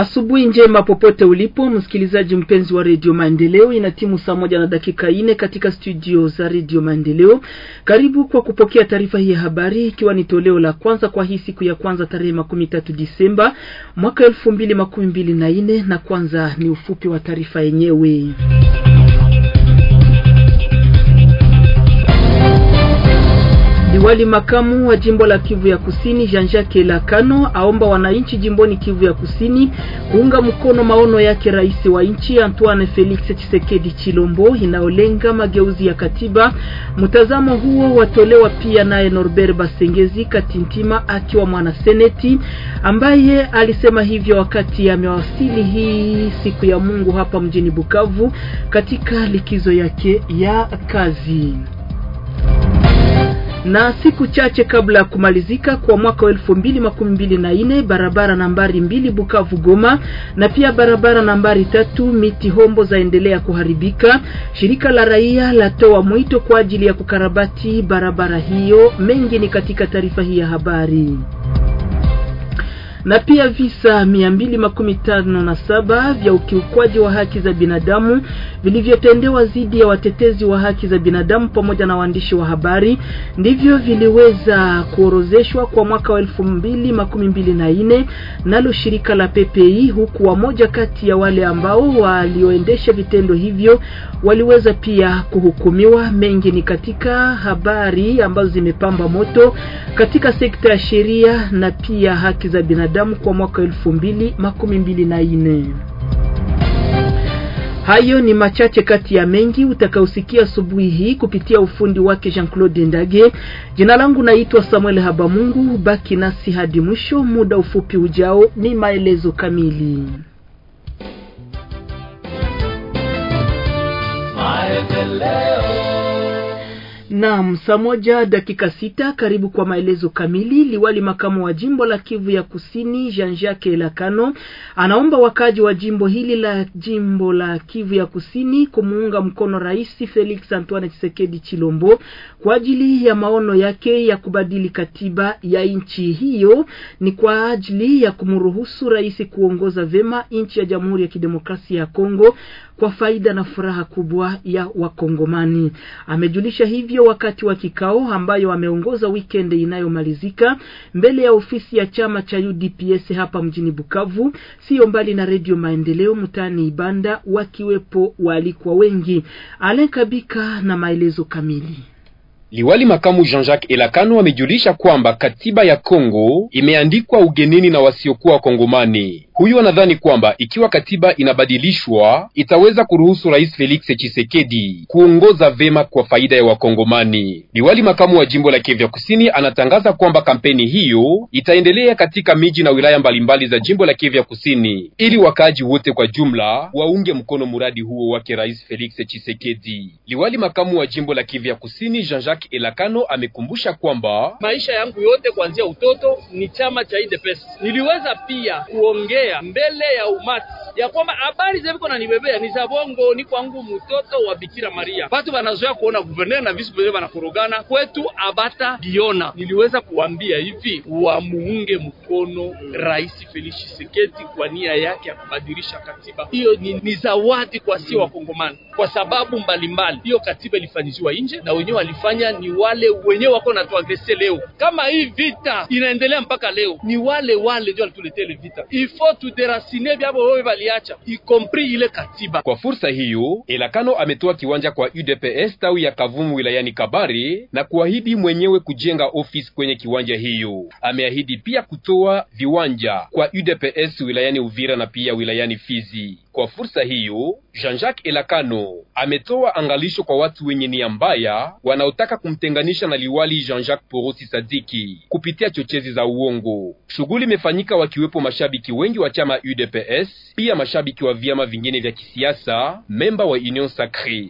Asubuhi njema popote ulipo msikilizaji mpenzi wa redio Maendeleo, ina timu saa moja na dakika ine katika studio za redio Maendeleo. Karibu kwa kupokea taarifa hii ya habari, ikiwa ni toleo la kwanza kwa hii siku ya kwanza tarehe makumi tatu Disemba mwaka elfu mbili makumi mbili na ine, na kwanza ni ufupi wa taarifa yenyewe. Liwali makamu wa jimbo la Kivu ya Kusini Jean-Jacques Elakano aomba wananchi jimboni Kivu ya Kusini kuunga mkono maono yake rais wa nchi Antoine Felix Tshisekedi Chilombo inayolenga mageuzi ya katiba. Mtazamo huo watolewa pia naye Norbert Basengezi Katintima akiwa mwanaseneti ambaye alisema hivyo wakati amewasili hii siku ya Mungu hapa mjini Bukavu katika likizo yake ya kazi. Na siku chache kabla ya kumalizika kwa mwaka wa elfu mbili makumi mbili na nne barabara nambari mbili Bukavu Goma na pia barabara nambari tatu Miti Hombo zaendelea kuharibika. Shirika la raia latoa mwito kwa ajili ya kukarabati barabara hiyo. Mengi ni katika taarifa hii ya habari na pia visa 257 vya ukiukwaji wa haki za binadamu vilivyotendewa dhidi ya watetezi wa haki za binadamu pamoja na waandishi wa habari ndivyo viliweza kuorozeshwa kwa mwaka wa 2024 nalo shirika la PPI, huku wamoja kati ya wale ambao walioendesha vitendo hivyo waliweza pia kuhukumiwa. Mengi ni katika habari ambazo zimepamba moto katika sekta ya sheria na pia haki za binadamu binadamu kwa mwaka 2024. Hayo ni machache kati ya mengi utakaosikia asubuhi hii kupitia ufundi wake Jean-Claude Ndage. Jina langu naitwa Samuel Habamungu, baki nasi hadi mwisho. Muda ufupi ujao ni maelezo kamili. Maendeleo. Naam, saa moja dakika sita. Karibu kwa maelezo kamili. Liwali makamu wa jimbo la Kivu ya Kusini Jean Jacques Elakano anaomba wakaji wa jimbo hili la jimbo la Kivu ya Kusini kumuunga mkono Rais Felix Antoine Tshisekedi Chilombo kwa ajili ya maono yake ya kubadili katiba ya nchi hiyo, ni kwa ajili ya kumruhusu rais kuongoza vema nchi ya Jamhuri ya Kidemokrasia ya Kongo kwa faida na furaha kubwa ya Wakongomani. Amejulisha hivyo wakati wa kikao ambayo ameongoza weekend inayomalizika mbele ya ofisi ya chama cha UDPS hapa mjini Bukavu, sio mbali na Redio Maendeleo mtaani Ibanda, wakiwepo waalikwa wengi. Alain Kabika na maelezo kamili. Liwali makamu Jean-Jacques Elakano amejulisha kwamba katiba ya Kongo imeandikwa ugenini na wasiokuwa Kongomani huyu anadhani kwamba ikiwa katiba inabadilishwa itaweza kuruhusu Rais Felix Tshisekedi kuongoza vema kwa faida ya Wakongomani. Liwali makamu wa jimbo la Kivu Kusini anatangaza kwamba kampeni hiyo itaendelea katika miji na wilaya mbalimbali za jimbo la Kivu Kusini ili wakaaji wote kwa jumla waunge mkono mradi huo wake Rais Felix Tshisekedi. Liwali makamu wa jimbo la Kivu Kusini Jean-Jacques Elakano amekumbusha kwamba maisha yangu yote kuanzia utoto ni chama cha UDPS. E Niliweza pia kuongea kutetea mbele ya umati ya kwamba habari zeviko nanibebea ni za bongo, ni kwangu mtoto wa Bikira Maria. Watu wanazoea kuona guverner na vice guverner wanakorogana, kwetu abata diona. Niliweza kuambia hivi wamuunge mkono Rais Felix Tshisekedi kwa nia yake ya kubadilisha katiba. Hiyo ni, ni zawadi kwa si mm. wakongomani kwa sababu mbalimbali. Hiyo katiba ilifanyiziwa nje na wenyewe walifanya, ni wale wenyewe wako natuagrese leo. Kama hii vita inaendelea mpaka leo, ni wale wale ndio walituletea ile vita ifo tuderasine vyabo wewe valiacha ikompri ile katiba. Kwa fursa hiyo, Elakano ametoa kiwanja kwa UDPS tawi ya Kavumu wilayani Kabare na kuahidi mwenyewe kujenga ofisi kwenye kiwanja hiyo. Ameahidi pia kutoa viwanja kwa UDPS wilayani Uvira na pia wilayani Fizi. Kwa fursa hiyo Jean-Jacques Elakano ametoa angalisho kwa watu wenye nia mbaya wanaotaka kumtenganisha na liwali Jean-Jacques Porosi Sadiki kupitia chochezi za uongo. Shughuli imefanyika wakiwepo mashabiki wengi wa chama UDPS, pia mashabiki wa vyama vingine vya kisiasa, memba wa Union Sacrée.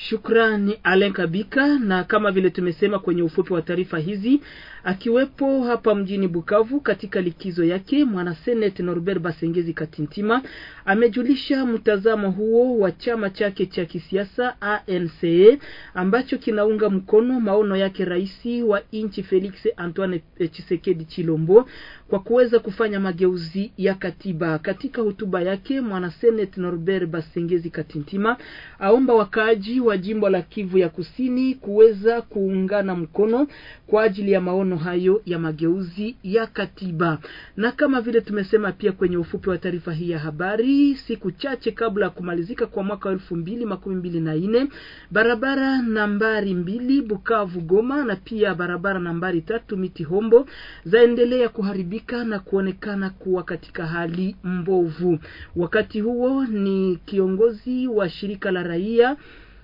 Shukrani Alen Kabika, na kama vile tumesema kwenye ufupi wa taarifa hizi, akiwepo hapa mjini Bukavu katika likizo yake, mwana senet Norbert Basengezi Katintima amejulisha mtazamo huo wa chama chake cha kisiasa ANC e, ambacho kinaunga mkono maono yake rais wa nchi Felix Antoine Tshisekedi Chilombo kwa kuweza kufanya mageuzi ya katiba. Katika hotuba yake, mwanaseneti Norbert Basengezi Katintima aomba wakaaji wa jimbo la Kivu ya Kusini kuweza kuungana mkono kwa ajili ya maono hayo ya mageuzi ya katiba. Na kama vile tumesema pia kwenye ufupi wa taarifa hii ya habari, siku chache kabla ya kumalizika kwa mwaka wa elfu mbili makumi mbili na nne barabara nambari mbili Bukavu Goma na pia barabara nambari tatu Miti Hombo zaendelea kuharibika kuharibika na kuonekana kuwa katika hali mbovu. Wakati huo ni kiongozi wa shirika la raia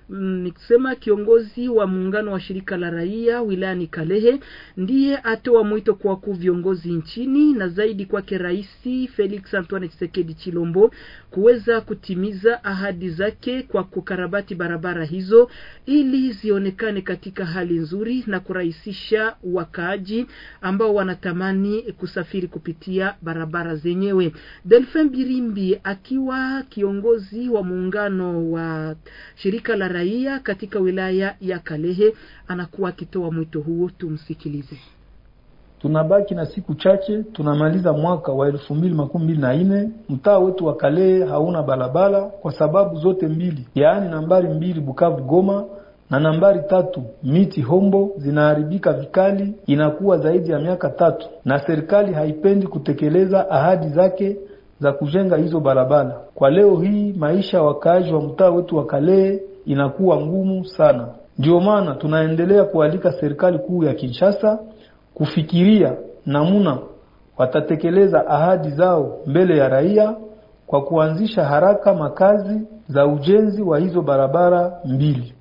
Mm, nikisema kiongozi wa muungano wa shirika la raia wilayani Kalehe ndiye atoa mwito kwa wakuu viongozi nchini na zaidi kwake Rais Felix Antoine Tshisekedi Chilombo kuweza kutimiza ahadi zake kwa kukarabati barabara hizo ili zionekane katika hali nzuri na kurahisisha wakaaji ambao wanatamani kusafiri kupitia barabara zenyewe. Delphin Birimbi akiwa kiongozi wa muungano wa shirika la raia katika wilaya ya Kalehe anakuwa akitoa mwito huo, tumsikilize. Tunabaki na siku chache tunamaliza mwaka wa elfu mbili makumi mbili na nne. Mtaa wetu wa Kalehe hauna barabara kwa sababu zote mbili, yaani nambari mbili Bukavu Goma na nambari tatu miti Hombo zinaharibika vikali, inakuwa zaidi ya miaka tatu, na serikali haipendi kutekeleza ahadi zake za kujenga hizo barabara. Kwa leo hii maisha ya wakaaji wa mtaa wetu wa Kalehe inakuwa ngumu sana. Ndio maana tunaendelea kualika serikali kuu ya Kinshasa kufikiria namuna watatekeleza ahadi zao mbele ya raia kwa kuanzisha haraka makazi za ujenzi wa hizo barabara mbili.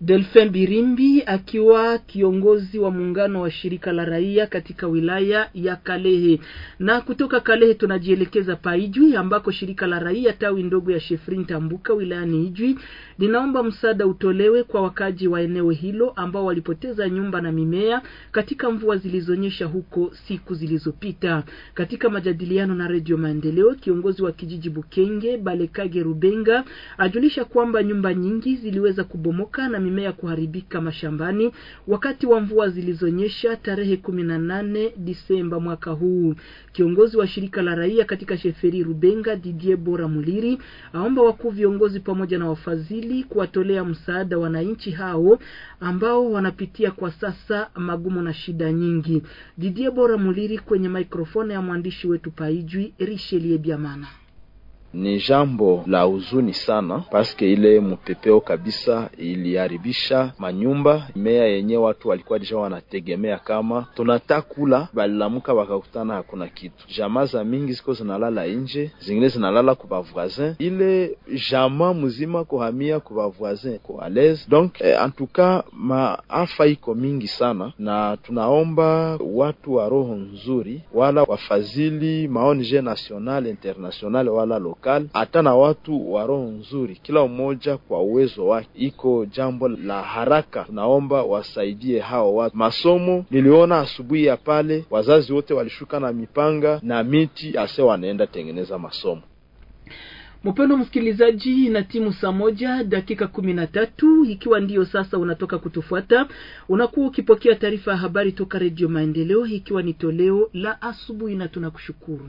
Delphin Birimbi akiwa kiongozi wa muungano wa shirika la raia katika wilaya ya Kalehe. Na kutoka Kalehe tunajielekeza pa Ijwi ambako shirika la raia tawi ndogo ya Shefrin Tambuka wilayani Ijwi linaomba msaada utolewe kwa wakaji wa eneo hilo ambao walipoteza nyumba na mimea katika mvua zilizonyesha huko siku zilizopita. Katika majadiliano na Radio Maendeleo, kiongozi wa kijiji Bukenge Balekage Rubenga ajulisha kwamba nyumba nyingi ziliweza kubomoka na mimea kuharibika mashambani wakati wa mvua zilizonyesha tarehe kumi na nane Disemba mwaka huu. Kiongozi wa shirika la raia katika Sheferi Rubenga, Didier Bora Muliri, aomba wakuu viongozi pamoja na wafadhili kuwatolea msaada wananchi hao ambao wanapitia kwa sasa magumu na shida nyingi. Didier Bora Muliri kwenye mikrofoni ya mwandishi wetu Paijwi Richelie Biamana. Ni jambo la huzuni sana, paske ile mpepeo kabisa iliharibisha manyumba mea yenye watu walikuwa deja wanategemea. Kama tunata kula balilamuka, wakakutana hakuna kitu. Jamaa za mingi ziko zinalala nje, zingine zinalala ku bavoisin, ile jama mzima kuhamia ku bavoisin ko alaise donc eh, antuka maafa iko mingi sana, na tunaomba watu wa roho nzuri wala wafadhili maonje national international wala local serikali hata na watu wa roho nzuri, kila mmoja kwa uwezo wake. Iko jambo la haraka, tunaomba wasaidie hao watu. Masomo niliona asubuhi ya pale, wazazi wote walishuka na mipanga na miti, ase wanaenda tengeneza masomo. Mpendwa msikilizaji, na timu saa moja dakika kumi na tatu ikiwa ndiyo sasa unatoka kutufuata, unakuwa ukipokea taarifa ya habari toka Redio Maendeleo, ikiwa ni toleo la asubuhi, na tunakushukuru.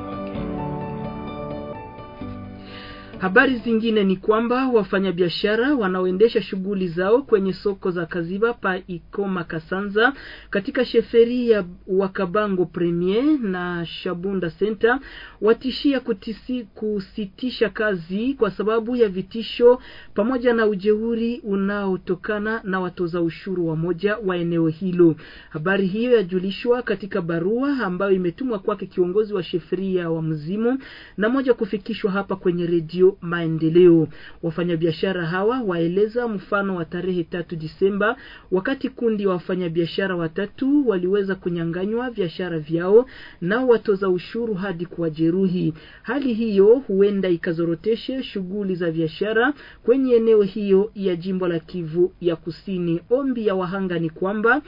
Habari zingine ni kwamba wafanyabiashara wanaoendesha shughuli zao kwenye soko za Kaziba pa Ikoma Kasanza katika sheferi ya Wakabango Premier na Shabunda Center watishia kutisi, kusitisha kazi kwa sababu ya vitisho pamoja na ujeuri unaotokana na watoza ushuru wa moja wa eneo hilo. Habari hiyo yajulishwa katika barua ambayo imetumwa kwake kiongozi wa sheferi ya mzimu na moja kufikishwa hapa kwenye redio maendeleo. Wafanyabiashara hawa waeleza mfano wa tarehe tatu Disemba, wakati kundi wa wafanyabiashara watatu waliweza kunyanganywa biashara vyao na watoza ushuru hadi kuwajeruhi. Hali hiyo huenda ikazoroteshe shughuli za biashara kwenye eneo hiyo ya jimbo la Kivu ya Kusini. Ombi ya wahanga ni kwamba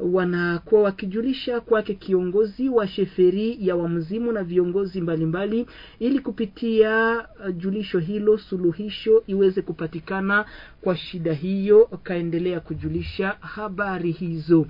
wanakuwa wakijulisha kwake kiongozi wa sheferi ya wamzimu na viongozi mbalimbali mbali, ili kupitia uh, julisho hilo suluhisho iweze kupatikana kwa shida hiyo. Kaendelea kujulisha habari hizo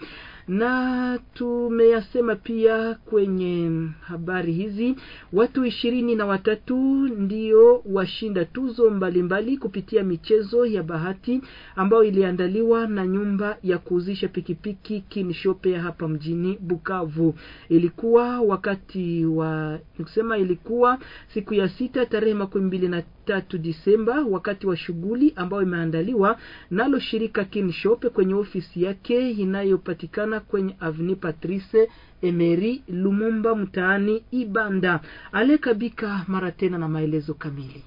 na tumeyasema pia kwenye habari hizi. Watu ishirini na watatu ndio washinda tuzo mbalimbali mbali kupitia michezo ya bahati ambayo iliandaliwa na nyumba ya kuuzisha pikipiki Kinshope hapa mjini Bukavu. Ilikuwa wakati wa nikusema, ilikuwa siku ya sita tarehe makumi mbili na tatu Disemba, wakati wa shughuli ambayo imeandaliwa nalo shirika Kinshope kwenye ofisi yake inayopatikana kupatikana kwenye Avenue Patrice Emery Lumumba mtaani Ibanda. Alekabika mara tena na maelezo kamili.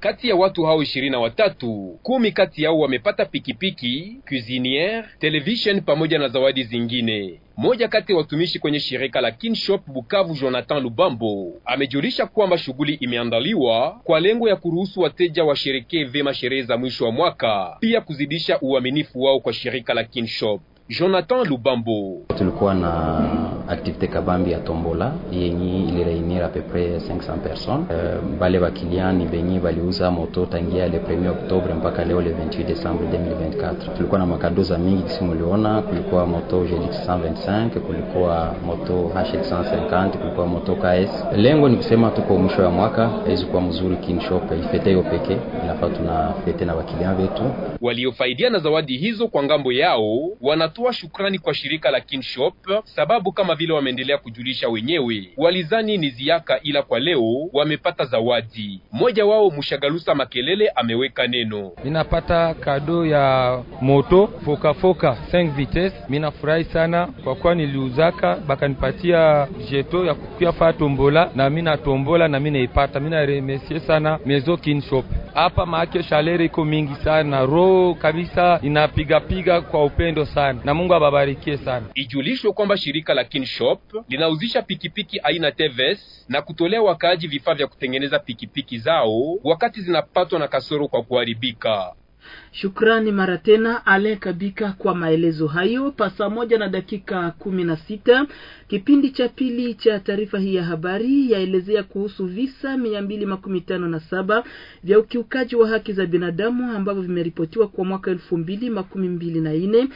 Kati ya watu hao ishirini na watatu, kumi kati yao wamepata pikipiki, cuisiniere, television pamoja na zawadi zingine. moja kati ya watumishi kwenye shirika la Kinshop Bukavu, Jonathan Lubambo, amejulisha kwamba shughuli imeandaliwa kwa lengo ya kuruhusu wateja washerekee vema sherehe za mwisho wa mwaka, pia kuzidisha uaminifu wao kwa shirika la Kinshop. Jonathan Lubambo. Tulikuwa na activite kabambi ya tombola yenye ilireunir apepre 500 personnes euh, bale uh, bakiliani benye baliuza moto tangia le 1er Oktobre mpaka leo le 28 décembre 2024. Tulikuwa na makadoza mingi kisi muliona, kulikuwa moto GX 125, kulikuwa moto H150, kulikuwa moto KS. Lengo ni kusema tuko mwisho ya mwaka, hizo kwa mzuri kinshop ifete hiyo peke inafaa tunafete na bakiliani wetu. Waliofaidia na zawadi hizo kwa ngambo yao wana wanatoa shukrani kwa shirika la Kinshop sababu kama vile wameendelea kujulisha wenyewe walizani ni ziaka, ila kwa leo wamepata zawadi. Mmoja wao Mushagalusa Makelele ameweka neno, ninapata kado ya moto fokafoka 5 vitesse. Minafurahi sana kwa kuwa niliuzaka bakanipatia jeto ya kukia faa tombola na minatombola na minaipata. Minaremesie sana mezo Kinshop hapa, maake shalere iko mingi sana, roho kabisa inapigapiga kwa upendo sana, na Mungu ababarikie sana. Ijulishwe kwamba shirika la Kinshop linauzisha pikipiki aina TVS na kutolea wakaaji vifaa vya kutengeneza pikipiki zao wakati zinapatwa na kasoro kwa kuharibika. Shukrani mara tena Ale Kabika kwa maelezo hayo. Pasaa moja na dakika kumi na sita kipindi cha pili cha taarifa hii ya habari yaelezea kuhusu visa mia mbili makumi tano na saba vya ukiukaji wa haki za binadamu ambavyo vimeripotiwa kwa mwaka elfu mbili makumi mbili na nne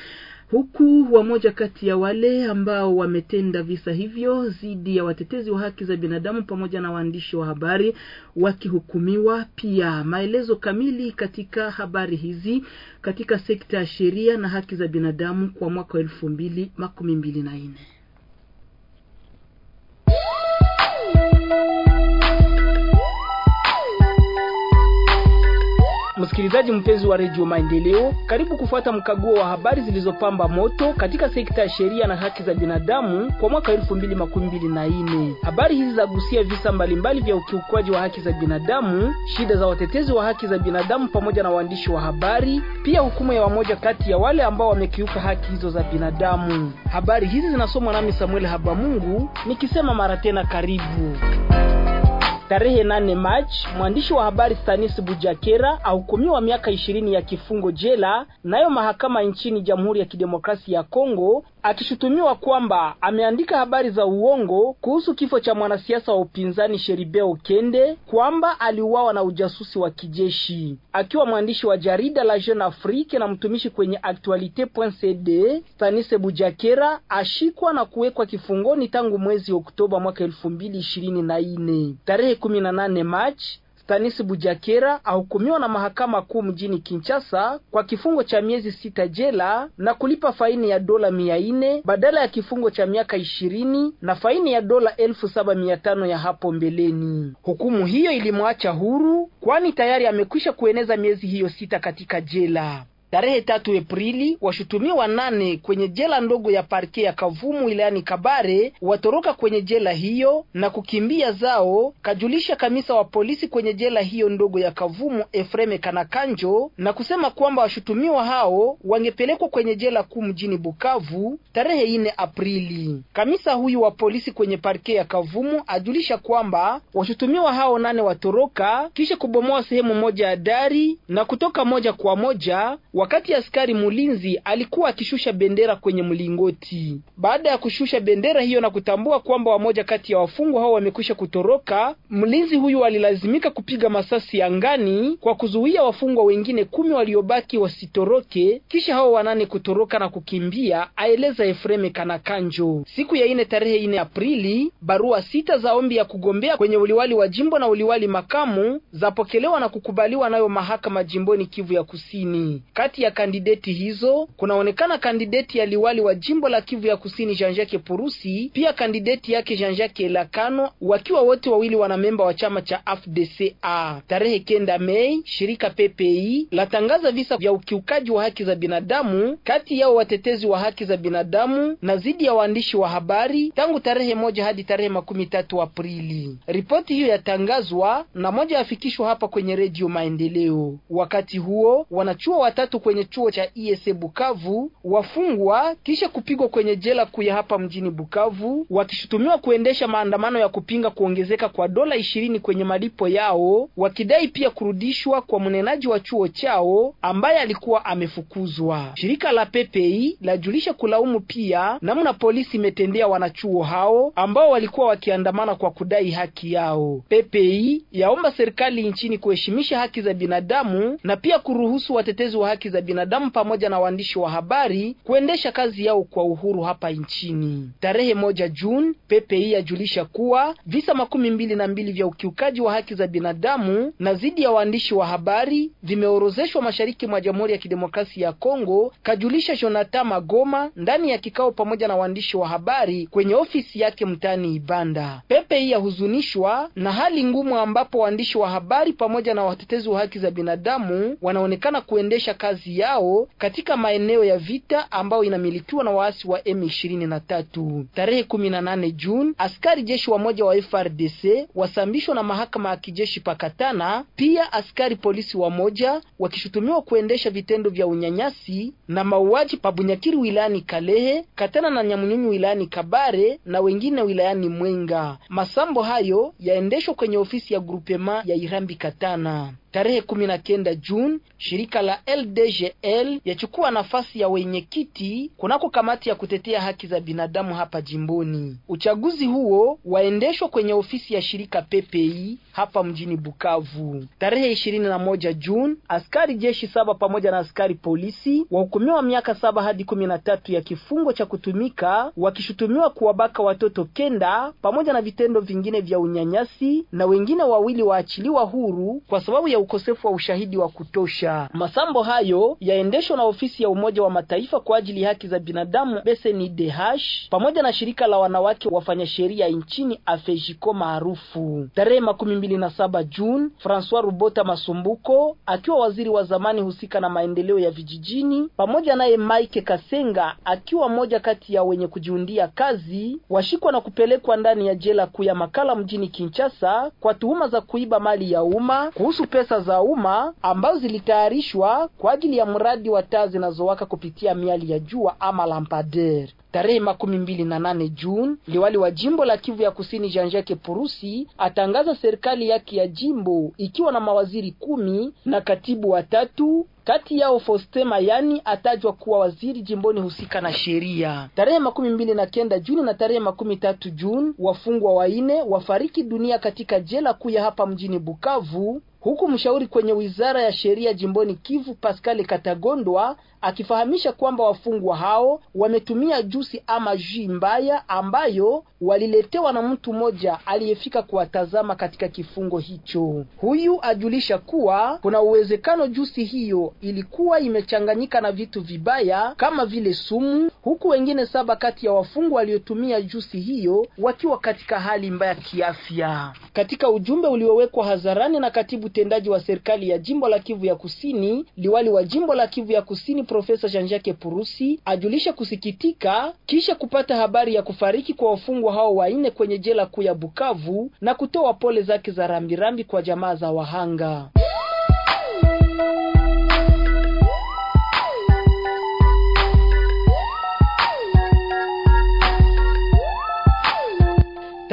huku wamoja kati ya wale ambao wametenda visa hivyo dhidi ya watetezi wa haki za binadamu pamoja na waandishi wa habari wakihukumiwa pia. Maelezo kamili katika habari hizi katika sekta ya sheria na haki za binadamu kwa mwaka wa elfu mbili makumi mbili na nne. Msikilizaji mpenzi wa Redio Maendeleo, karibu kufuata mkaguo wa habari zilizopamba moto katika sekta ya sheria na haki za binadamu kwa mwaka 2024. Habari hizi zagusia visa mbalimbali vya ukiukwaji wa haki za binadamu, shida za watetezi wa haki za binadamu pamoja na waandishi wa habari, pia hukumu ya wamoja kati ya wale ambao wamekiuka haki hizo za binadamu. Habari hizi zinasomwa nami Samuel Habamungu nikisema mara tena karibu. Tarehe nane Machi, mwandishi wa habari Stanis Bujakera ahukumiwa miaka ishirini ya kifungo jela, nayo mahakama nchini Jamhuri ya Kidemokrasia ya Kongo akishutumiwa kwamba ameandika habari za uongo kuhusu kifo cha mwanasiasa wa upinzani Sheribe Okende, kwamba aliuawa na ujasusi wa kijeshi. Akiwa mwandishi wa jarida la Jeune Afrique na mtumishi kwenye Actualite.cd, Stanise Bujakera ashikwa na kuwekwa kifungoni tangu mwezi Oktoba mwaka 2024. Tarehe 18 Machi Stanis Bujakera ahukumiwa na mahakama kuu mjini Kinshasa kwa kifungo cha miezi sita jela na kulipa faini ya dola mia nne badala ya kifungo cha miaka ishirini na faini ya dola elfu saba mia tano ya hapo mbeleni. Hukumu hiyo ilimwacha huru, kwani tayari amekwisha kueneza miezi hiyo sita katika jela. Tarehe tatu Aprili, washutumiwa nane kwenye jela ndogo ya parke ya Kavumu wilayani Kabare watoroka kwenye jela hiyo na kukimbia zao, kajulisha kamisa wa polisi kwenye jela hiyo ndogo ya Kavumu Efreme Kanakanjo, na kusema kwamba washutumiwa hao wangepelekwa kwenye jela kuu mjini Bukavu tarehe ine Aprili. Kamisa huyu wa polisi kwenye parke ya Kavumu ajulisha kwamba washutumiwa hao nane watoroka kisha kubomoa sehemu moja ya dari na kutoka moja kwa moja wakati askari mulinzi alikuwa akishusha bendera kwenye mlingoti. Baada ya kushusha bendera hiyo na kutambua kwamba wamoja kati ya wafungwa hao wamekwisha kutoroka, mlinzi huyu alilazimika kupiga masasi angani kwa kuzuia wafungwa wengine kumi waliobaki wasitoroke, kisha hao wanane kutoroka na kukimbia, aeleza Efreme Kanakanjo. Siku ya ine tarehe ine Aprili, barua sita za ombi ya kugombea kwenye uliwali wa jimbo na uliwali makamu zapokelewa na kukubaliwa nayo mahakama jimboni Kivu ya Kusini. Kati ya kandideti hizo kunaonekana kandideti ya liwali wa jimbo la Kivu ya Kusini Jean Jacques Purusi, pia kandideti yake Jean Jacques Lakano, wakiwa wote wawili wana memba wa chama cha fdca Tarehe kenda Mei, shirika PPI latangaza visa vya ukiukaji wa haki za binadamu kati yao watetezi wa haki za binadamu na zidi ya waandishi wa habari tangu tarehe moja hadi tarehe makumi tatu Aprili. Ripoti hiyo yatangazwa na moja yafikishwa hapa kwenye Redio Maendeleo. Wakati huo wanachuo watatu watatu kwenye chuo cha ESA Bukavu wafungwa kisha kupigwa kwenye jela kuya hapa mjini Bukavu, wakishutumiwa kuendesha maandamano ya kupinga kuongezeka kwa dola ishirini kwenye malipo yao, wakidai pia kurudishwa kwa mnenaji wa chuo chao ambaye alikuwa amefukuzwa. Shirika la PPI lajulisha kulaumu pia namna polisi imetendea wanachuo hao ambao walikuwa wakiandamana kwa kudai haki yao. PPI yaomba serikali nchini kuheshimisha haki za binadamu na pia kuruhusu watetezi wa haki haki za binadamu pamoja na waandishi wa habari kuendesha kazi yao kwa uhuru hapa nchini. Tarehe moja Juni, PPI yajulisha kuwa visa makumi mbili na mbili vya ukiukaji wa haki za binadamu na dhidi ya waandishi wa habari vimeorozeshwa mashariki mwa Jamhuri ya Kidemokrasia ya Kongo, kajulisha Jonathan Magoma ndani ya kikao pamoja na waandishi wa habari kwenye ofisi yake mtaani Ibanda. PPI yahuzunishwa na hali ngumu ambapo waandishi wa habari pamoja na watetezi wa haki za binadamu wanaonekana kuendesha kazi makazi yao katika maeneo ya vita ambayo inamilikiwa na waasi wa M23. Tarehe 18 Juni, askari jeshi wa moja wa FRDC wasambishwa na mahakama ya kijeshi pakatana, pia askari polisi wa moja wakishutumiwa kuendesha vitendo vya unyanyasi na mauaji pabunyakiri wilayani Kalehe, Katana na Nyamunyunyu wilayani Kabare na wengine wilayani Mwenga. Masambo hayo yaendeshwa kwenye ofisi ya grupema ya Irambi Katana. Tarehe kumi na kenda Juni, shirika la LDGL yachukua nafasi ya wenyekiti kunako kamati ya kutetea haki za binadamu hapa jimboni. Uchaguzi huo waendeshwa kwenye ofisi ya shirika PPI hapa mjini Bukavu. Tarehe ishirini na moja Juni, askari jeshi saba pamoja na askari polisi wahukumiwa miaka saba hadi kumi na tatu ya kifungo cha kutumika wakishutumiwa kuwabaka watoto kenda pamoja na vitendo vingine vya unyanyasi na wengine wawili waachiliwa huru kwa sababu ya ukosefu wa ushahidi wa kutosha. Masambo hayo yaendeshwa na ofisi ya Umoja wa Mataifa kwa ajili ya haki za binadamu BCNUDH pamoja na shirika la wanawake wafanya sheria nchini Afejiko maarufu. Tarehe makumi saba Juni, Francois Rubota Masumbuko akiwa waziri wa zamani husika na maendeleo ya vijijini pamoja naye Mike Kasenga akiwa mmoja kati ya wenye kujiundia kazi washikwa na kupelekwa ndani ya jela kuu ya Makala mjini Kinshasa kwa tuhuma za kuiba mali ya umma kuhusu pesa pesa za umma ambazo zilitayarishwa kwa ajili ya mradi wa taa zinazowaka kupitia miali ya jua ama lampader. Tarehe makumi mbili na nane Juni, liwali wa jimbo la Kivu ya Kusini Jean Jacques Purusi atangaza serikali yake ya jimbo ikiwa na mawaziri kumi na katibu watatu kati yao Foste Mayani atajwa kuwa waziri jimboni husika na sheria. Tarehe makumi mbili na kenda Juni na tarehe makumi tatu Juni, wafungwa waine wafariki dunia katika jela kuu ya hapa mjini Bukavu huku mshauri kwenye wizara ya sheria jimboni Kivu Pascal Katagondwa akifahamisha kwamba wafungwa hao wametumia jusi ama jui mbaya ambayo waliletewa na mtu mmoja aliyefika kuwatazama katika kifungo hicho. Huyu ajulisha kuwa kuna uwezekano jusi hiyo ilikuwa imechanganyika na vitu vibaya kama vile sumu, huku wengine saba kati ya wafungwa waliotumia jusi hiyo wakiwa katika hali mbaya kiafya. Katika ujumbe uliowekwa hadharani na katibu utendaji wa serikali ya jimbo la Kivu ya Kusini, liwali wa jimbo la Kivu ya Kusini Profesa Jean-Jacques Purusi ajulisha kusikitika kisha kupata habari ya kufariki kwa wafungwa hao wanne kwenye jela kuu ya Bukavu na kutoa pole zake za rambirambi kwa jamaa za wahanga.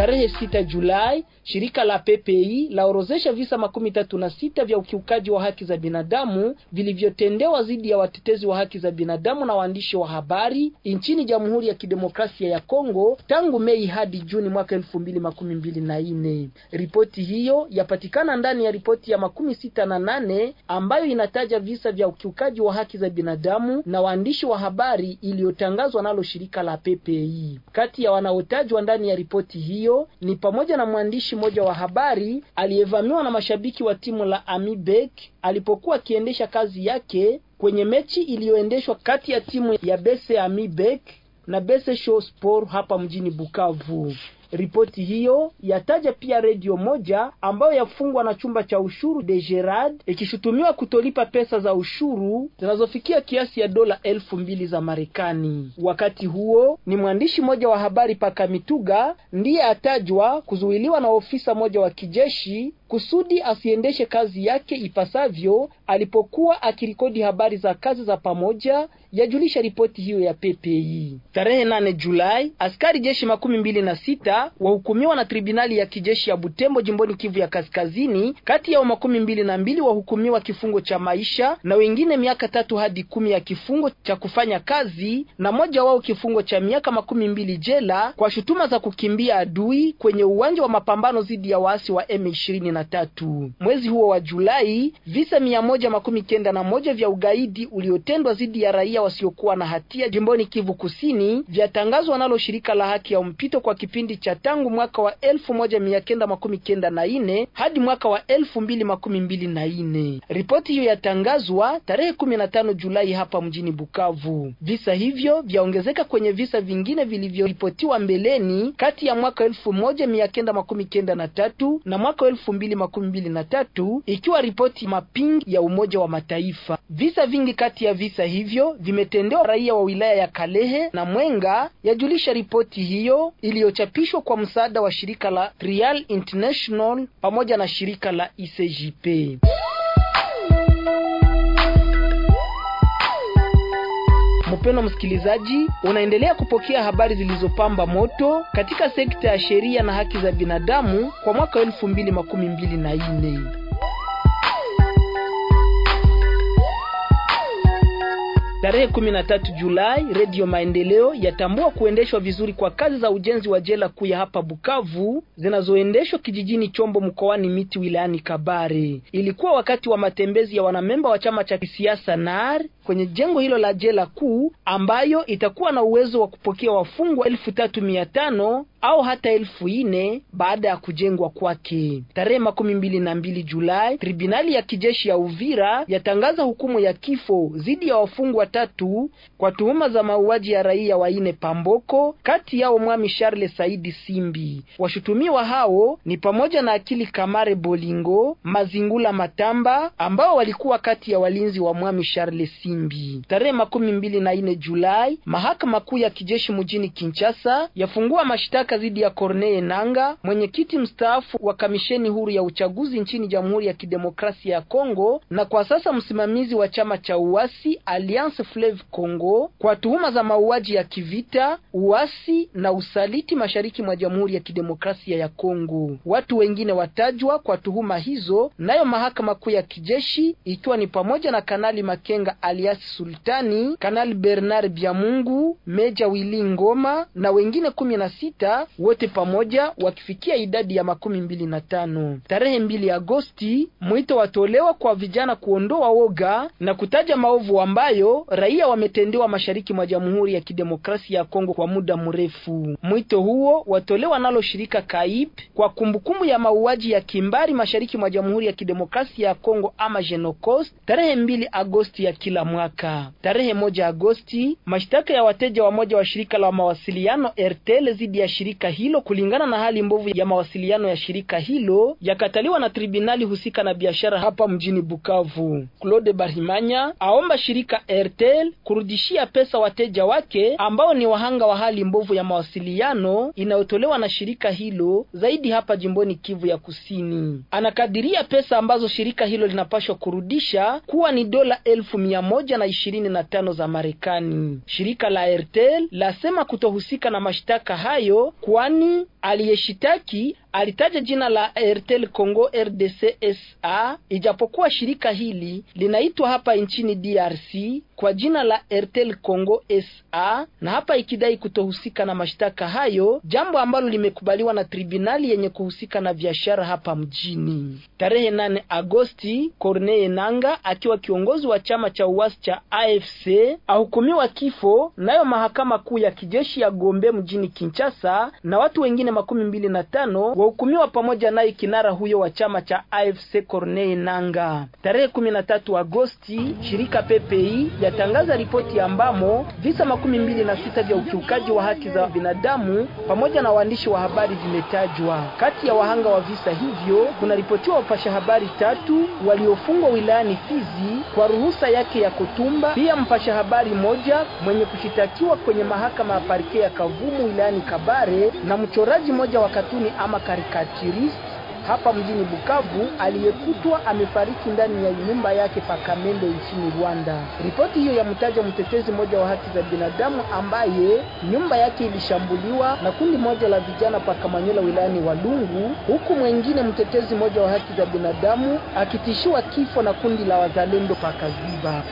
tarehe sita Julai, shirika la PPI laorozesha visa makumi tatu na sita vya ukiukaji wa haki za binadamu vilivyotendewa dhidi ya watetezi wa haki za binadamu na waandishi wa habari nchini Jamhuri ya Kidemokrasia ya Kongo tangu Mei hadi Juni mwaka elfu mbili makumi mbili na nne. Ripoti hiyo yapatikana ndani ya ripoti ya makumi sita na nane ambayo inataja visa vya ukiukaji wa haki za binadamu na waandishi wa habari iliyotangazwa nalo shirika la PPI. Kati ya wanaotajwa ndani ya ripoti hiyo hiyo ni pamoja na mwandishi mmoja wa habari aliyevamiwa na mashabiki wa timu la Amibek alipokuwa akiendesha kazi yake kwenye mechi iliyoendeshwa kati ya timu ya Bese Amibek na Bese Show Sport hapa mjini Bukavu. Ripoti hiyo yataja pia redio moja ambayo yafungwa na chumba cha ushuru de Gerard ikishutumiwa kutolipa pesa za ushuru zinazofikia kiasi ya dola elfu mbili za Marekani. Wakati huo ni mwandishi mmoja wa habari Pakamituga ndiye atajwa kuzuiliwa na ofisa mmoja wa kijeshi kusudi asiendeshe kazi yake ipasavyo alipokuwa akirekodi habari za kazi za pamoja yajulisha ripoti hiyo ya PPI. E. Tarehe nane Julai, askari jeshi makumi mbili na sita wahukumiwa na tribunali ya kijeshi ya Butembo jimboni Kivu ya Kaskazini. Kati yao makumi mbili na mbili wahukumiwa kifungo cha maisha na wengine miaka tatu hadi kumi ya kifungo cha kufanya kazi na moja wao kifungo cha miaka makumi mbili jela kwa shutuma za kukimbia adui kwenye uwanja wa mapambano dhidi ya waasi wa M23. Mwezi huo wa Julai, visa mia moja makumi kenda na moja vya ugaidi uliotendwa dhidi ya raia wasiokuwa na hatia jimboni Kivu Kusini vyatangazwa nalo shirika la haki ya mpito kwa kipindi cha tangu mwaka wa elfu moja mia kenda makumi kenda na ine hadi mwaka wa elfu mbili makumi mbili na ine. Ripoti hiyo yatangazwa tarehe kumi na tano Julai hapa mjini Bukavu. Visa hivyo vyaongezeka kwenye visa vingine vilivyoripotiwa mbeleni kati ya mwaka elfu moja mia kenda makumi kenda na tatu na mwaka elfu mbili makumi mbili na tatu ikiwa ripoti mapingi ya Umoja wa Mataifa. Visa vingi kati ya visa hivyo vi zimetendewa raia wa wilaya ya Kalehe na Mwenga, yajulisha ripoti hiyo iliyochapishwa kwa msaada wa shirika la Trial International pamoja na shirika la ICJP. Mpendo msikilizaji, unaendelea kupokea habari zilizopamba moto katika sekta ya sheria na haki za binadamu kwa mwaka elfu mbili makumi mbili na nne. Tarehe 13 Julai, Redio Maendeleo yatambua kuendeshwa vizuri kwa kazi za ujenzi wa jela kuu ya hapa Bukavu zinazoendeshwa kijijini Chombo mkoani Miti wilayani Kabare. Ilikuwa wakati wa matembezi ya wanamemba wa chama cha kisiasa NAR kwenye jengo hilo la jela kuu ambayo itakuwa na uwezo wa kupokea wafungwa elfu tatu mia tano au hata elfu ine baada ya kujengwa kwake. Tarehe makumi mbili na mbili Julai, tribunali ya kijeshi ya Uvira yatangaza hukumu ya kifo dhidi ya wafungwa tatu kwa tuhuma za mauaji ya raia waine Pamboko, kati yao mwami Charles Saidi Simbi. Washutumiwa hao ni pamoja na Akili Kamare Bolingo, Mazingula Matamba ambao walikuwa kati ya walinzi wa mwami Charles Simbi. Lubimbi. Tarehe makumi mbili na nne Julai, mahakama kuu ya kijeshi mjini Kinshasa yafungua mashtaka dhidi ya Corneille nanga mwenyekiti mstaafu wa kamisheni huru ya uchaguzi nchini Jamhuri ya Kidemokrasia ya Kongo na kwa sasa msimamizi wa chama cha uasi Alliance Fleuve Congo kwa tuhuma za mauaji ya kivita, uasi na usaliti mashariki mwa Jamhuri ya Kidemokrasia ya Kongo. Watu wengine watajwa kwa tuhuma hizo nayo mahakama kuu ya kijeshi ikiwa ni pamoja na Kanali Makenga ali Elias Sultani, Kanali Bernard Byamungu, Meja Wili Ngoma na wengine kumi na sita, wote pamoja wakifikia idadi ya makumi mbili na tano. Tarehe mbili Agosti mwito watolewa kwa vijana kuondoa woga na kutaja maovu ambayo raia wametendewa mashariki mwa Jamhuri ya Kidemokrasia ya Kongo kwa muda mrefu. Mwito huo watolewa nalo shirika Kaip kwa kumbukumbu ya mauaji ya kimbari mashariki mwa Jamhuri ya Kidemokrasia ya Kongo ama Genocost tarehe mbili Agosti ya kila mwaka. Tarehe moja Agosti, mashtaka ya wateja wamoja wa shirika la mawasiliano Airtel dhidi ya shirika hilo kulingana na hali mbovu ya mawasiliano ya shirika hilo yakataliwa na tribunali husika na biashara hapa mjini Bukavu. Claude barhimanya aomba shirika Airtel kurudishia pesa wateja wake ambao ni wahanga wa hali mbovu ya mawasiliano inayotolewa na shirika hilo zaidi hapa jimboni Kivu ya Kusini. Anakadiria pesa ambazo shirika hilo linapashwa kurudisha kuwa ni dola elfu mia moja moja na ishirini na tano za Marekani. Shirika la Airtel lasema kutohusika na mashtaka hayo, kwani Aliyeshitaki alitaja jina la Airtel Congo RDC SA, ijapokuwa shirika hili linaitwa hapa nchini DRC kwa jina la Airtel Congo SA, na hapa ikidai kutohusika na mashtaka hayo, jambo ambalo limekubaliwa na tribunali yenye kuhusika na biashara hapa mjini. Tarehe 8 Agosti, Corneille nanga akiwa kiongozi wa chama cha uasi cha AFC ahukumiwa kifo nayo mahakama kuu ya kijeshi ya Gombe mjini Kinshasa na watu wengine makumi mbili na tano wahukumiwa pamoja naye kinara huyo wa chama cha AFC Corneille nanga Tarehe 13 Agosti, shirika PPI yatangaza ripoti ambamo visa makumi mbili na sita vya ukiukaji wa haki za binadamu pamoja na waandishi wa habari vimetajwa. Kati ya wahanga wa visa hivyo kuna ripotiwa wapasha habari tatu waliofungwa wilayani Fizi kwa ruhusa yake ya kutumba, pia mpasha habari moja mwenye kushitakiwa kwenye mahakama ya parke ya Kavumu wilayani Kabare na mchoraji mchoraji mmoja wa katuni ama karikaturist hapa mjini Bukavu aliyekutwa amefariki ndani ya nyumba yake pa nchini Rwanda. Ripoti hiyo yamtaja mtetezi mmoja wa haki za binadamu ambaye nyumba yake ilishambuliwa na kundi moja la vijana pakamanyola wilayani Walungu, huku mwengine mtetezi mmoja wa haki za binadamu akitishiwa kifo na kundi la wazalendo pa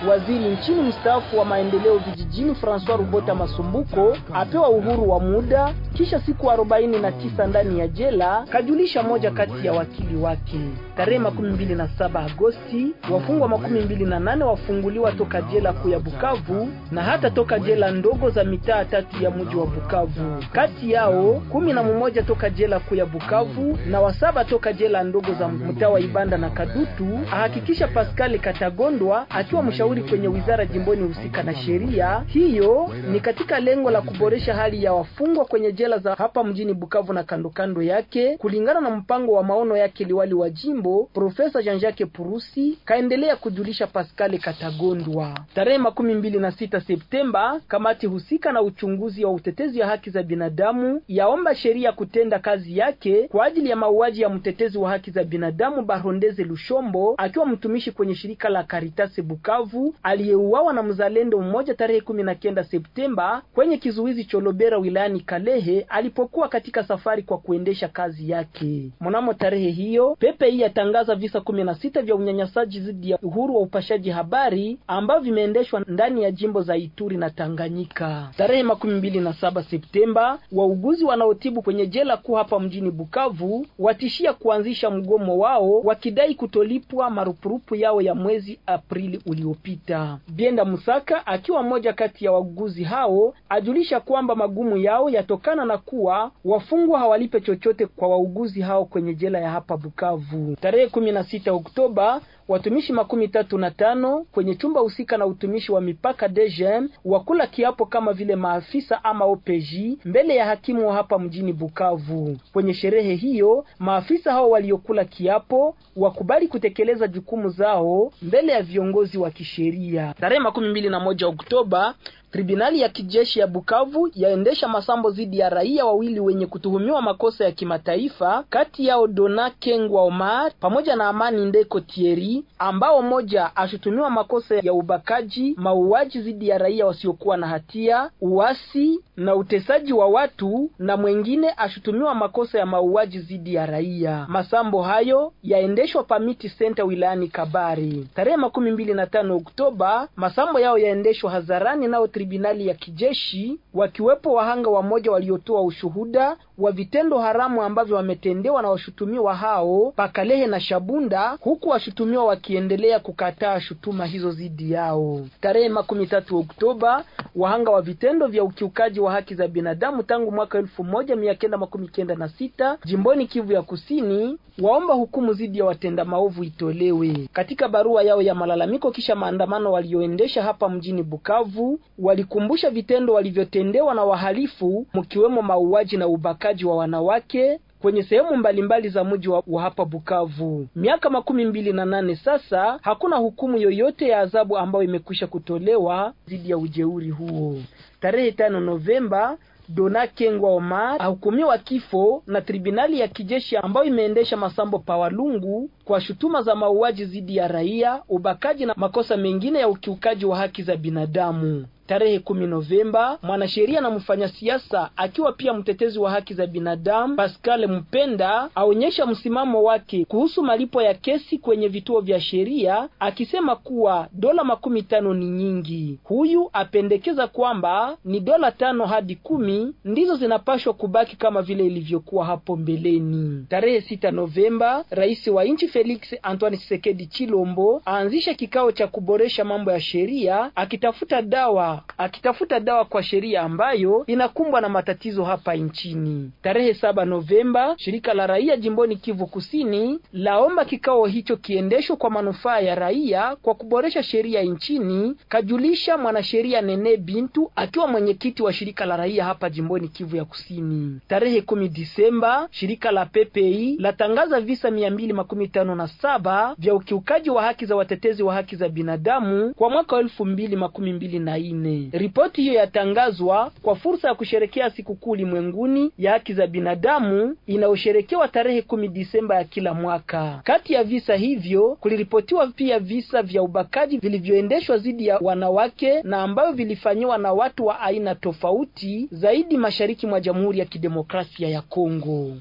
Waziri nchini mstaafu wa maendeleo vijijini Francois Rubota Masumbuko apewa uhuru wa muda kisha siku arobaini na tisa ndani ya jela, kajulisha moja kati ya wakili wake. Tarehe mm. makumi mbili na saba Agosti, wafungwa mm. makumi mbili na nane wafunguliwa toka jela kuu ya Bukavu na hata toka jela ndogo za mitaa tatu ya mji wa Bukavu, kati yao kumi na mmoja toka jela kuu ya Bukavu na wasaba toka jela ndogo za mtaa wa Ibanda na Kadutu, ahakikisha Pascal Katagondwa akiwa mshauri kwenye wizara jimboni husika na sheria. Hiyo ni katika lengo la kuboresha hali ya wafungwa kwenye jela za hapa mjini Bukavu na kandokando yake kulingana na mpango wa maono yake liwali wa jimbo Profesa Jean-Jacques Purusi kaendelea kujulisha Pascal Katagondwa. Tarehe makumi mbili na sita Septemba, kamati husika na uchunguzi wa utetezi wa haki za binadamu yaomba sheria kutenda kazi yake kwa ajili ya mauaji ya mtetezi wa haki za binadamu Barondeze Lushombo akiwa mtumishi kwenye shirika la Caritas Bukavu aliyeuawa na mzalendo mmoja tarehe kumi na kenda Septemba kwenye kizuizi Cholobera wilayani Kalehe alipokuwa katika safari kwa kuendesha kazi yake Mnamo tarehe hiyo, hii yatangaza visa kumi na sita vya unyanyasaji dhidi ya uhuru wa upashaji habari ambavyo vimeendeshwa ndani ya jimbo za Ituri na Tanganyika. Tarehe makumi mbili na saba Septemba, wauguzi wanaotibu kwenye jela kuu hapa mjini Bukavu watishia kuanzisha mgomo wao wakidai kutolipwa marupurupu yao ya mwezi Aprili uliopita. Bienda Musaka akiwa mmoja kati ya wauguzi hao ajulisha kwamba magumu yao yatokana na kuwa wafungwa hawalipe chochote kwa wauguzi hao kwenye jela Mandela ya hapa Bukavu. Tarehe 16 Oktoba watumishi makumi tatu na tano kwenye chumba husika na utumishi wa mipaka DGM wakula kiapo kama vile maafisa ama opg mbele ya hakimu wa hapa mjini Bukavu. Kwenye sherehe hiyo, maafisa hao waliokula kiapo wakubali kutekeleza jukumu zao mbele ya viongozi wa kisheria. Tarehe makumi mbili na moja Oktoba Tribunali ya kijeshi ya Bukavu yaendesha masambo dhidi ya raia wawili wenye kutuhumiwa makosa ya kimataifa, kati yao Dona Kengwa Omar pamoja na Amani Ndeko Thierry ambao mmoja ashutumiwa makosa ya ubakaji, mauaji dhidi ya raia wasiokuwa na hatia, uasi na utesaji wa watu na mwengine ashutumiwa makosa ya mauaji dhidi ya raia. Masambo hayo yaendeshwa Pamiti Center wilayani Kabari tarehe makumi mbili na tano Oktoba. Masambo yao yaendeshwa hadharani nao tribunali ya kijeshi, wakiwepo wahanga wamoja waliotoa ushuhuda wa vitendo haramu ambavyo wametendewa na washutumiwa hao Pakalehe na Shabunda, huku washutumiwa wakiendelea kukataa shutuma hizo dhidi yao. Tarehe makumi tatu Oktoba, wahanga wa vitendo vya ukiukaji wa haki za binadamu tangu mwaka elfu moja mia kenda makumi kenda na sita jimboni Kivu ya Kusini waomba hukumu dhidi ya watenda maovu itolewe. Katika barua yao ya malalamiko kisha maandamano walioendesha hapa mjini Bukavu, walikumbusha vitendo walivyotendewa na wahalifu mkiwemo mauaji na ubakaji wa wanawake kwenye sehemu mbalimbali za mji wa, wa hapa Bukavu. Miaka makumi mbili na nane sasa, hakuna hukumu yoyote ya adhabu ambayo imekwisha kutolewa dhidi ya ujeuri huo. Tarehe tano Novemba Dona Kengwa Omar ahukumiwa kifo na tribunali ya kijeshi ambayo imeendesha masambo Pawalungu kwa shutuma za mauaji dhidi ya raia, ubakaji na makosa mengine ya ukiukaji wa haki za binadamu tarehe kumi Novemba, mwanasheria na mfanyasiasa akiwa pia mtetezi wa haki za binadamu Pascal Mpenda aonyesha msimamo wake kuhusu malipo ya kesi kwenye vituo vya sheria, akisema kuwa dola makumi tano ni nyingi. Huyu apendekeza kwamba ni dola tano hadi kumi ndizo zinapashwa kubaki kama vile ilivyokuwa hapo mbeleni. Tarehe sita Novemba, rais wa nchi Felix Antoine Tshisekedi Chilombo aanzisha kikao cha kuboresha mambo ya sheria akitafuta dawa akitafuta dawa kwa sheria ambayo inakumbwa na matatizo hapa nchini. Tarehe saba Novemba, shirika la raia jimboni Kivu Kusini laomba kikao hicho kiendeshwe kwa manufaa ya raia kwa kuboresha sheria nchini, kajulisha mwanasheria Nene Bintu akiwa mwenyekiti wa shirika la raia hapa jimboni Kivu ya Kusini. Tarehe kumi Disemba, shirika la PPI latangaza visa mia mbili makumi tano na saba vya ukiukaji wa haki za watetezi wa haki za binadamu kwa mwaka wa elfu mbili makumi mbili na nne nne. Ripoti hiyo yatangazwa kwa fursa ya kusherekea sikukuu limwenguni ya haki za binadamu inayosherekewa tarehe kumi Disemba ya kila mwaka. Kati ya visa hivyo kuliripotiwa pia visa vya ubakaji vilivyoendeshwa dhidi ya wanawake na ambayo vilifanyiwa na watu wa aina tofauti zaidi mashariki mwa Jamhuri ya Kidemokrasia ya Kongo.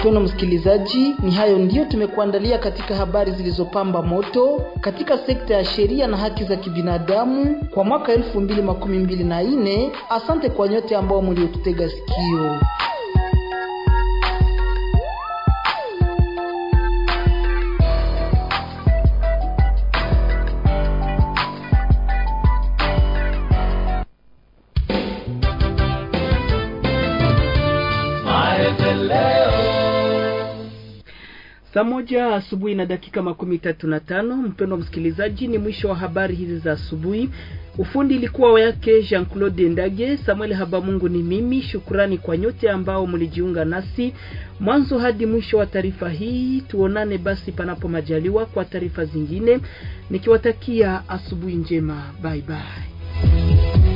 Mpendwa msikilizaji, ni hayo ndiyo tumekuandalia katika habari zilizopamba moto katika sekta ya sheria na haki za kibinadamu kwa mwaka 2024. Asante kwa nyote ambao mliotutega sikio. Saa moja asubuhi na dakika makumi tatu na tano. Mpendwa msikilizaji, ni mwisho wa habari hizi za asubuhi. Ufundi ilikuwa wake Jean Claude Ndage, Samuel Habamungu ni mimi. Shukrani kwa nyote ambao mlijiunga nasi mwanzo hadi mwisho wa taarifa hii. Tuonane basi panapo majaliwa kwa taarifa zingine, nikiwatakia asubuhi njema. Bye bye.